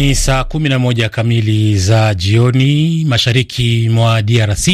Ni saa 11 kamili za jioni mashariki mwa DRC,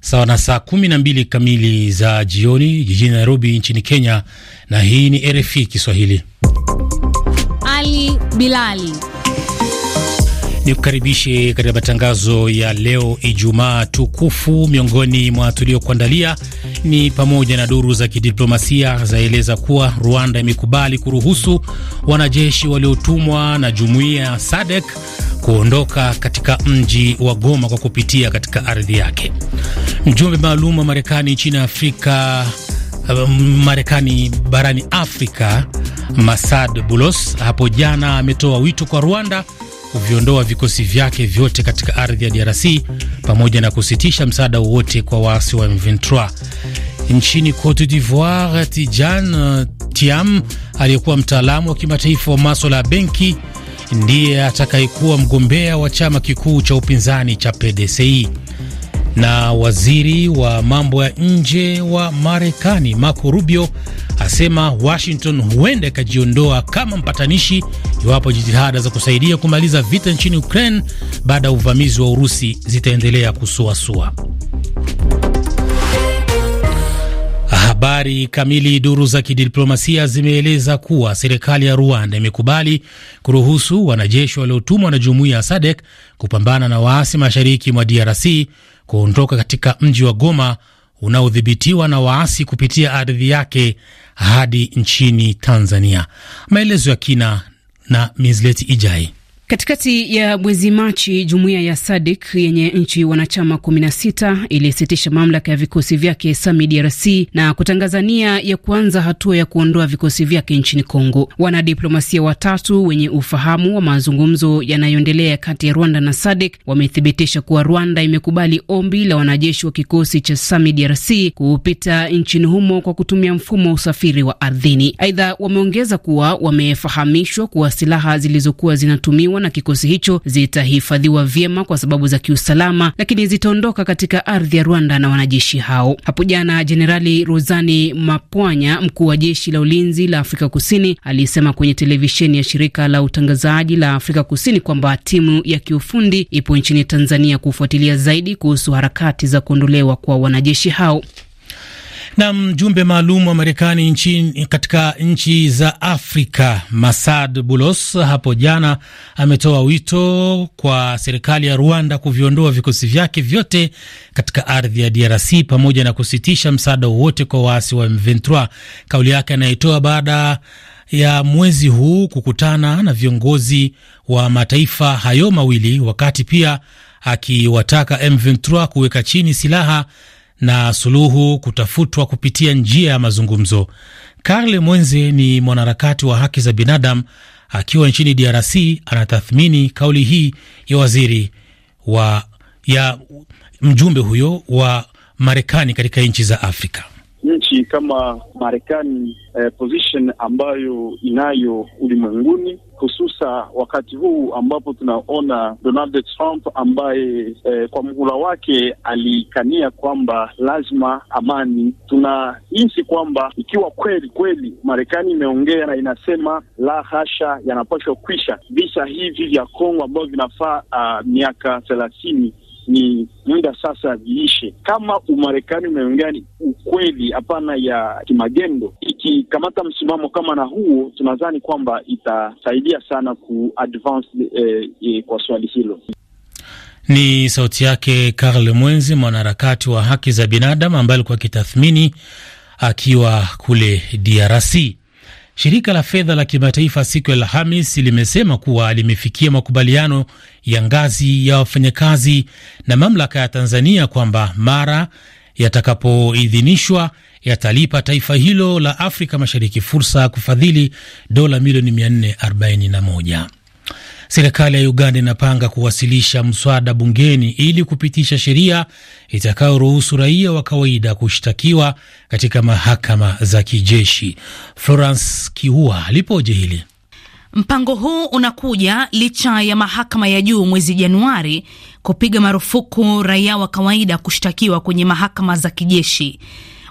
sawa na saa 12 kamili za jioni jijini Nairobi nchini Kenya. Na hii ni RFI Kiswahili. Ali Bilali ni kukaribishe katika matangazo ya leo Ijumaa tukufu. Miongoni mwa tuliokuandalia ni pamoja na duru za kidiplomasia zaeleza kuwa Rwanda imekubali kuruhusu wanajeshi waliotumwa na jumuiya ya SADC kuondoka katika mji wa Goma kwa kupitia katika ardhi yake. Mjumbe maalum wa Marekani nchini Afrika um, Marekani barani Afrika Masad Bulos hapo jana ametoa wito kwa Rwanda kuviondoa vikosi vyake vyote katika ardhi ya DRC pamoja na kusitisha msaada wowote kwa waasi wa M23. Nchini Cote d'Ivoire, Tijan Tiam aliyekuwa mtaalamu wa kimataifa wa maswala ya benki ndiye atakayekuwa mgombea wa chama kikuu cha upinzani cha PDCI na waziri wa mambo ya nje wa Marekani Marco Rubio asema Washington huenda ikajiondoa kama mpatanishi iwapo jitihada za kusaidia kumaliza vita nchini Ukraine baada ya uvamizi wa Urusi zitaendelea kusuasua. Habari kamili. Duru za kidiplomasia zimeeleza kuwa serikali ya Rwanda imekubali kuruhusu wanajeshi waliotumwa na jumuiya ya sadek kupambana na waasi mashariki mwa DRC kuondoka katika mji wa Goma unaodhibitiwa na waasi kupitia ardhi yake hadi nchini Tanzania. Maelezo ya kina na Mizleti Ijai. Katikati ya mwezi Machi, jumuiya ya SADC yenye nchi wanachama 16 ilisitisha mamlaka ya vikosi vyake SAMI DRC na kutangaza nia ya kuanza hatua ya kuondoa vikosi vyake nchini Kongo. Wanadiplomasia watatu wenye ufahamu wa mazungumzo yanayoendelea kati ya Rwanda na SADC wamethibitisha kuwa Rwanda imekubali ombi la wanajeshi wa kikosi cha SAMI DRC kupita nchini humo kwa kutumia mfumo wa usafiri wa ardhini. Aidha, wameongeza kuwa wamefahamishwa kuwa silaha zilizokuwa zinatumiwa huo na kikosi hicho zitahifadhiwa vyema kwa sababu za kiusalama, lakini zitaondoka katika ardhi ya Rwanda na wanajeshi hao. Hapo jana, Jenerali Rozani Mapwanya, mkuu wa jeshi la ulinzi la Afrika Kusini, alisema kwenye televisheni ya shirika la utangazaji la Afrika Kusini kwamba timu ya kiufundi ipo nchini Tanzania kufuatilia zaidi kuhusu harakati za kuondolewa kwa wanajeshi hao. Na mjumbe maalum wa Marekani katika nchi za Afrika Masad Bulos hapo jana ametoa wito kwa serikali ya Rwanda kuviondoa vikosi vyake vyote katika ardhi ya DRC pamoja na kusitisha msaada wowote kwa waasi wa M23. Kauli yake anayetoa baada ya mwezi huu kukutana na viongozi wa mataifa hayo mawili, wakati pia akiwataka M23 kuweka chini silaha na suluhu kutafutwa kupitia njia ya mazungumzo. Karle Mwenze ni mwanaharakati wa haki za binadamu akiwa nchini DRC, anatathmini kauli hii ya waziri wa ya mjumbe huyo wa Marekani katika nchi za Afrika nchi kama Marekani eh, position ambayo inayo ulimwenguni hususa wakati huu ambapo tunaona Donald Trump ambaye eh, kwa mhula wake alikania kwamba lazima amani. Tunahisi kwamba ikiwa kweli kweli Marekani imeongea na inasema la hasha, yanapaswa kwisha visa hivi vya Kongo ambavyo vinafaa uh, miaka thelathini ni nenda sasa viishe. Kama Umarekani umeongeani ukweli, hapana ya kimagendo, ikikamata msimamo kama na huo, tunadhani kwamba itasaidia sana ku advance eh, eh, kwa swali hilo. Ni sauti yake Karl Mwenzi, mwanaharakati wa haki za binadamu ambaye alikuwa akitathmini akiwa kule DRC. Shirika la fedha la kimataifa siku ya Alhamis limesema kuwa limefikia makubaliano ya ngazi ya wafanyakazi na mamlaka ya Tanzania kwamba mara yatakapoidhinishwa yatalipa taifa hilo la Afrika Mashariki fursa ya kufadhili dola milioni 441. Serikali ya Uganda inapanga kuwasilisha mswada bungeni ili kupitisha sheria itakayoruhusu raia wa kawaida kushtakiwa katika mahakama za kijeshi. Florence Kiua alipoje hili. Mpango huu unakuja licha ya mahakama ya juu mwezi Januari kupiga marufuku raia wa kawaida kushtakiwa kwenye mahakama za kijeshi.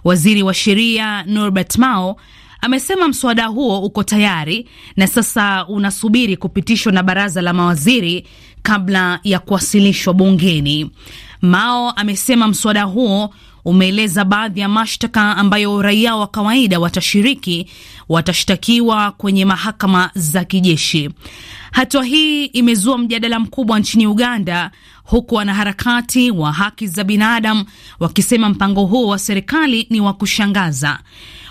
Waziri wa sheria Norbert Mao Amesema mswada huo uko tayari na sasa unasubiri kupitishwa na baraza la mawaziri kabla ya kuwasilishwa bungeni. Mao amesema mswada huo umeeleza baadhi ya mashtaka ambayo raia wa kawaida watashiriki, watashtakiwa kwenye mahakama za kijeshi. Hatua hii imezua mjadala mkubwa nchini Uganda, huku wanaharakati wa haki za binadamu wakisema mpango huo wa serikali ni wa kushangaza.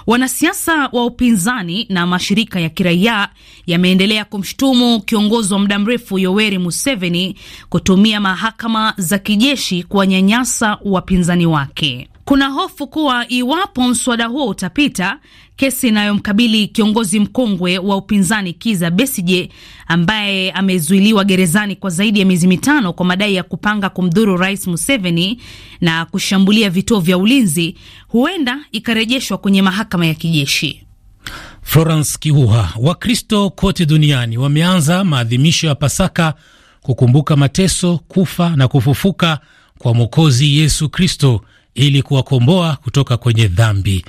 Wanasiasa wa upinzani na mashirika ya kiraia yameendelea kumshutumu kiongozi wa muda mrefu Yoweri Museveni kutumia mahakama za kijeshi kuwanyanyasa wapinzani wake. Kuna hofu kuwa iwapo mswada huo utapita, kesi inayomkabili kiongozi mkongwe wa upinzani Kiza Besije ambaye amezuiliwa gerezani kwa zaidi ya miezi mitano kwa madai ya kupanga kumdhuru Rais Museveni na kushambulia vituo vya ulinzi huenda ikarejeshwa kwenye mahakama ya kijeshi. Florence Kihuha. Wakristo kote duniani wameanza maadhimisho ya Pasaka kukumbuka mateso, kufa na kufufuka kwa Mwokozi Yesu Kristo ili kuwakomboa kutoka kwenye dhambi.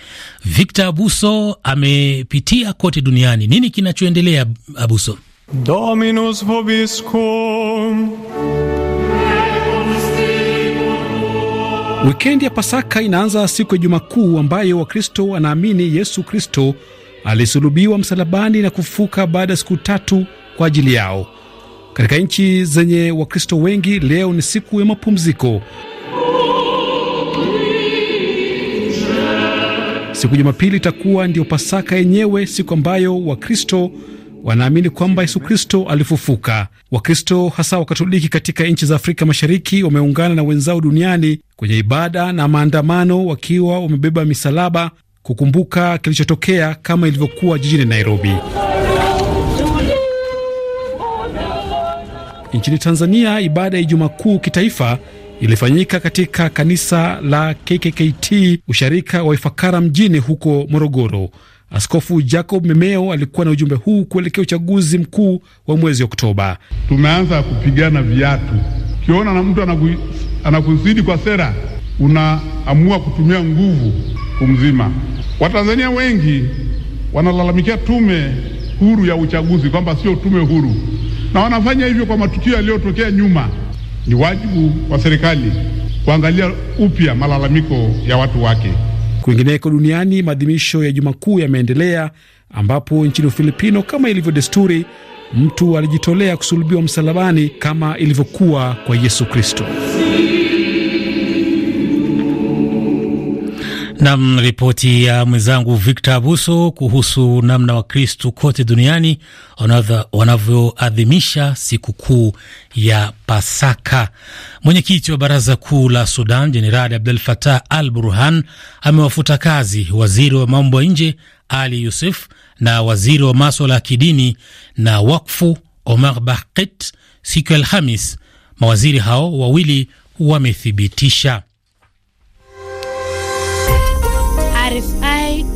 Victor Abuso amepitia kote duniani. Nini kinachoendelea, Abuso? Dominus vobiscum. Wikendi ya Pasaka inaanza siku ya Juma Kuu, ambayo Wakristo anaamini Yesu Kristo alisulubiwa msalabani na kufuka baada ya siku tatu kwa ajili yao. Katika nchi zenye Wakristo wengi, leo ni siku ya mapumziko. Siku ya Jumapili itakuwa ndiyo Pasaka yenyewe, siku ambayo Wakristo wanaamini kwamba Yesu Kristo alifufuka. Wakristo hasa Wakatoliki katika nchi za Afrika Mashariki wameungana na wenzao duniani kwenye ibada na maandamano, wakiwa wamebeba misalaba kukumbuka kilichotokea kama ilivyokuwa jijini Nairobi. Nchini Tanzania, ibada ya Ijumaa Kuu kitaifa ilifanyika katika kanisa la KKKT usharika wa Ifakara mjini huko Morogoro. Askofu Jacob Memeo alikuwa na ujumbe huu kuelekea uchaguzi mkuu wa mwezi Oktoba. Tumeanza kupigana viatu, ukiona na mtu anakuzidi kwa sera, unaamua kutumia nguvu kumzima. Watanzania wengi wanalalamikia tume huru ya uchaguzi kwamba sio tume huru, na wanafanya hivyo kwa matukio yaliyotokea nyuma. Ni wajibu wa serikali kuangalia upya malalamiko ya watu wake. Kwingineko duniani, maadhimisho ya Juma Kuu yameendelea ambapo nchini Ufilipino, kama ilivyo desturi, mtu alijitolea kusulubiwa msalabani kama ilivyokuwa kwa Yesu Kristo. Nam ripoti ya mwenzangu Victor Abuso kuhusu namna Wakristu kote duniani wanavyoadhimisha sikukuu ya Pasaka. Mwenyekiti wa baraza kuu la Sudan Jenerali Abdel Fattah al Burhan amewafuta kazi waziri wa mambo ya nje Ali Yusuf na waziri wa maswala ya kidini na wakfu Omar Bahkit siku ya Alhamis. Mawaziri hao wawili wamethibitisha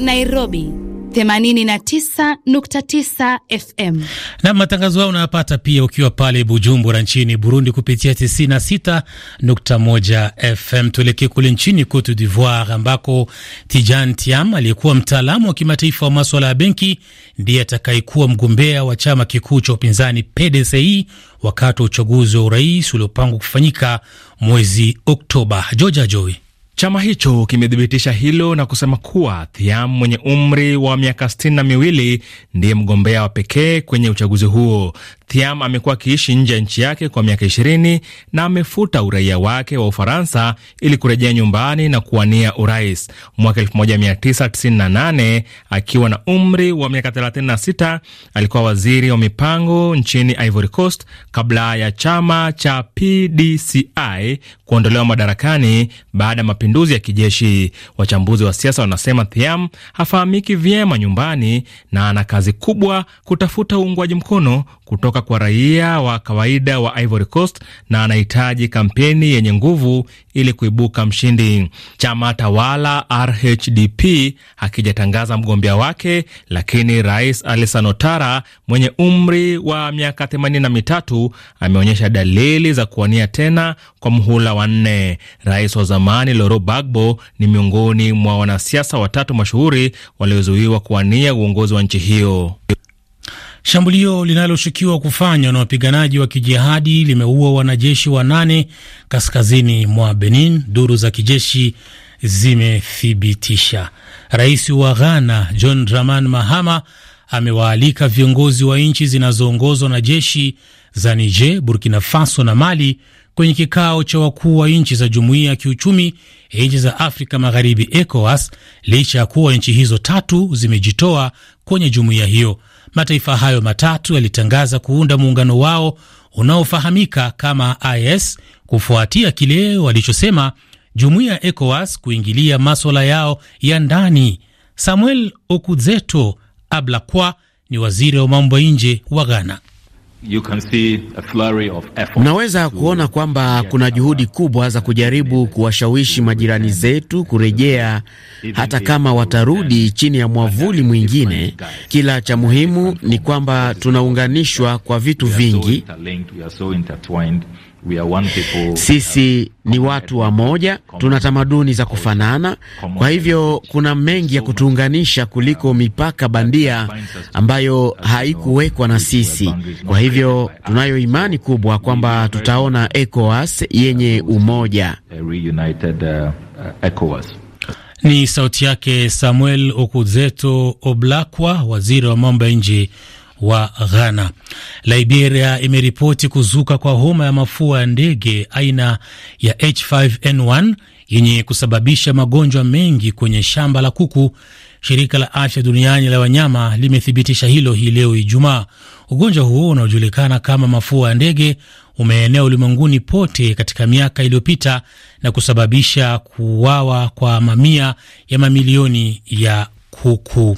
Nairobi 89.9 FM na matangazo hayo unayapata pia ukiwa pale Bujumbura nchini Burundi kupitia 96.1 FM. Tuelekee kule nchini Cote d'Ivoire ambako Tijan Tiam aliyekuwa mtaalamu wa kimataifa wa maswala ya benki ndiye atakayekuwa mgombea wa chama kikuu cha upinzani PDCI e wakati wa uchaguzi wa urais uliopangwa kufanyika mwezi Oktoba. Joja Joy Chama hicho kimethibitisha hilo na kusema kuwa Thiam mwenye umri wa miaka sitini na miwili ndiye mgombea wa pekee kwenye uchaguzi huo. Thiam amekuwa akiishi nje ya nchi yake kwa miaka 20 na amefuta uraia wake wa Ufaransa ili kurejea nyumbani na kuwania urais mwaka 1998. Akiwa na umri wa miaka 36, alikuwa waziri wa mipango nchini Ivory Coast kabla ya chama cha PDCI kuondolewa madarakani baada ya mapinduzi ya kijeshi. Wachambuzi wa siasa wanasema Thiam hafahamiki vyema nyumbani na ana kazi kubwa kutafuta uungwaji mkono kutoka kutoka kwa raia wa kawaida wa Ivory Coast na anahitaji kampeni yenye nguvu ili kuibuka mshindi. Chama tawala RHDP hakijatangaza mgombea wake, lakini Rais Alassane Ouattara mwenye umri wa miaka themanini na mitatu ameonyesha dalili za kuwania tena kwa mhula wa nne. Rais wa zamani loro bagbo ni miongoni mwa wanasiasa watatu mashuhuri waliozuiwa kuwania uongozi wa nchi hiyo. Shambulio linaloshukiwa kufanywa na wapiganaji wa kijihadi limeua wanajeshi wanane kaskazini mwa Benin, duru za kijeshi zimethibitisha. Rais wa Ghana John Dramani Mahama amewaalika viongozi wa nchi zinazoongozwa na jeshi za Niger, Burkina Faso na Mali kwenye kikao cha wakuu wa nchi za jumuiya ya kiuchumi ya nchi za Afrika Magharibi, ECOWAS, licha ya kuwa nchi hizo tatu zimejitoa kwenye jumuiya hiyo mataifa hayo matatu yalitangaza kuunda muungano wao unaofahamika kama IS kufuatia kile walichosema jumuiya ecoas ECOWAS kuingilia maswala yao ya ndani. Samuel Okudzeto Ablakwa ni waziri wa mambo ya nje wa Ghana. You Unaweza kuona kwamba kuna juhudi kubwa za kujaribu kuwashawishi majirani zetu kurejea, hata kama watarudi chini ya mwavuli mwingine. Kila cha muhimu ni kwamba tunaunganishwa kwa vitu vingi. Sisi ni watu wa moja, tuna tamaduni za kufanana. Kwa hivyo kuna mengi ya kutuunganisha kuliko mipaka bandia ambayo haikuwekwa na sisi. Kwa hivyo tunayo imani kubwa kwamba tutaona ECOWAS yenye umoja. Uh, uh, ni sauti yake Samuel Okudzeto Oblakwa, waziri wa mambo ya nje wa Ghana. Liberia imeripoti kuzuka kwa homa ya mafua ya ndege aina ya H5N1 yenye kusababisha magonjwa mengi kwenye shamba la kuku. Shirika la afya duniani la wanyama limethibitisha hilo hii leo Ijumaa. Ugonjwa huo unaojulikana kama mafua ya ndege umeenea ulimwenguni pote katika miaka iliyopita na kusababisha kuuawa kwa mamia ya mamilioni ya kuku.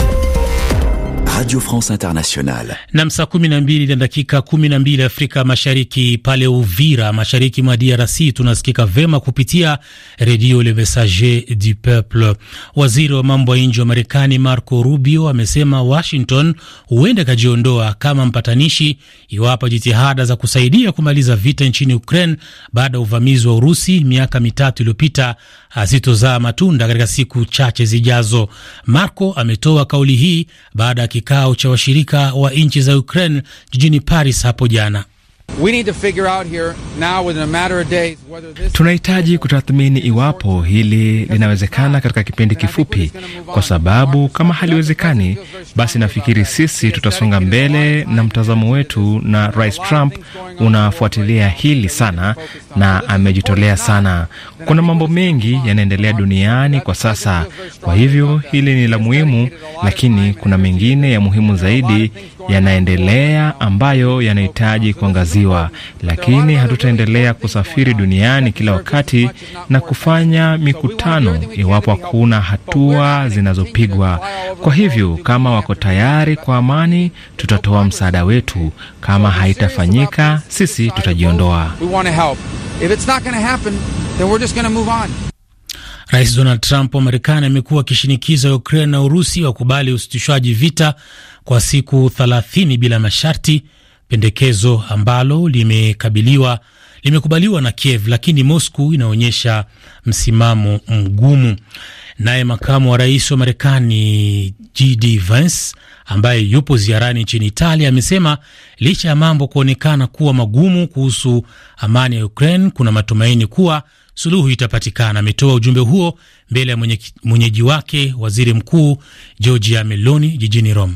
Radio France Internationale. Nam, saa kumi na mbili na dakika kumi na mbili Afrika Mashariki, pale Uvira, mashariki mwa DRC tunasikika vema kupitia redio Le Messager du Peuple. Waziri wa mambo ya nje wa Marekani Marco Rubio amesema Washington huenda ikajiondoa kama mpatanishi iwapo jitihada za kusaidia kumaliza vita nchini Ukraine baada ya uvamizi wa Urusi miaka mitatu iliyopita hazitozaa matunda katika siku chache zijazo. Marco ametoa kauli hii baada ya kikao cha washirika wa nchi za Ukraine jijini Paris hapo jana. Tunahitaji kutathmini iwapo hili linawezekana katika kipindi kifupi, kwa sababu kama haliwezekani, basi nafikiri sisi tutasonga mbele na mtazamo wetu, na Rais Trump unafuatilia hili sana na amejitolea sana. Kuna mambo mengi yanaendelea duniani kwa sasa, kwa hivyo hili ni la muhimu, lakini kuna mengine ya muhimu zaidi yanaendelea ambayo yanahitaji kuangaziwa, lakini hatutaendelea kusafiri duniani kila wakati na kufanya mikutano iwapo hakuna hatua zinazopigwa. Kwa hivyo, kama wako tayari kwa amani, tutatoa msaada wetu. Kama haitafanyika, sisi tutajiondoa. Rais Donald Trump wa Marekani amekuwa akishinikiza Ukraine na Urusi wakubali usitishwaji vita kwa siku 30 bila masharti, pendekezo ambalo limekabiliwa limekubaliwa na Kiev, lakini Moscow inaonyesha msimamo mgumu. Naye makamu wa rais wa Marekani JD Vance ambaye yupo ziarani nchini Italia amesema licha ya mambo kuonekana kuwa magumu kuhusu amani ya Ukraine, kuna matumaini kuwa suluhu itapatikana. Ametoa ujumbe huo mbele ya mwenyeji wake waziri mkuu Giorgia Meloni jijini Rome.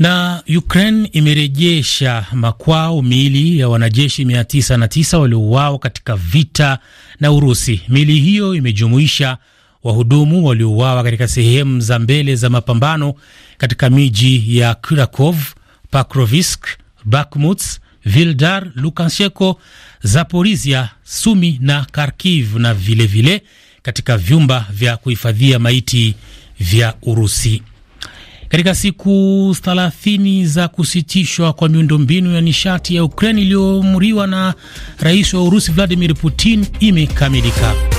Na Ukraine imerejesha makwao miili ya wanajeshi 909 waliouawa katika vita na Urusi. Miili hiyo imejumuisha wahudumu waliouawa katika sehemu za mbele za mapambano katika miji ya Kurakov, Pakrovisk, Bakhmut, Vildar, Lukansheko, Zaporizhia, Sumi na Kharkiv, na vilevile vile katika vyumba vya kuhifadhia maiti vya Urusi. Katika siku 30 za kusitishwa kwa miundombinu ya nishati ya Ukraine iliyoamriwa na rais wa Urusi Vladimir Putin imekamilika.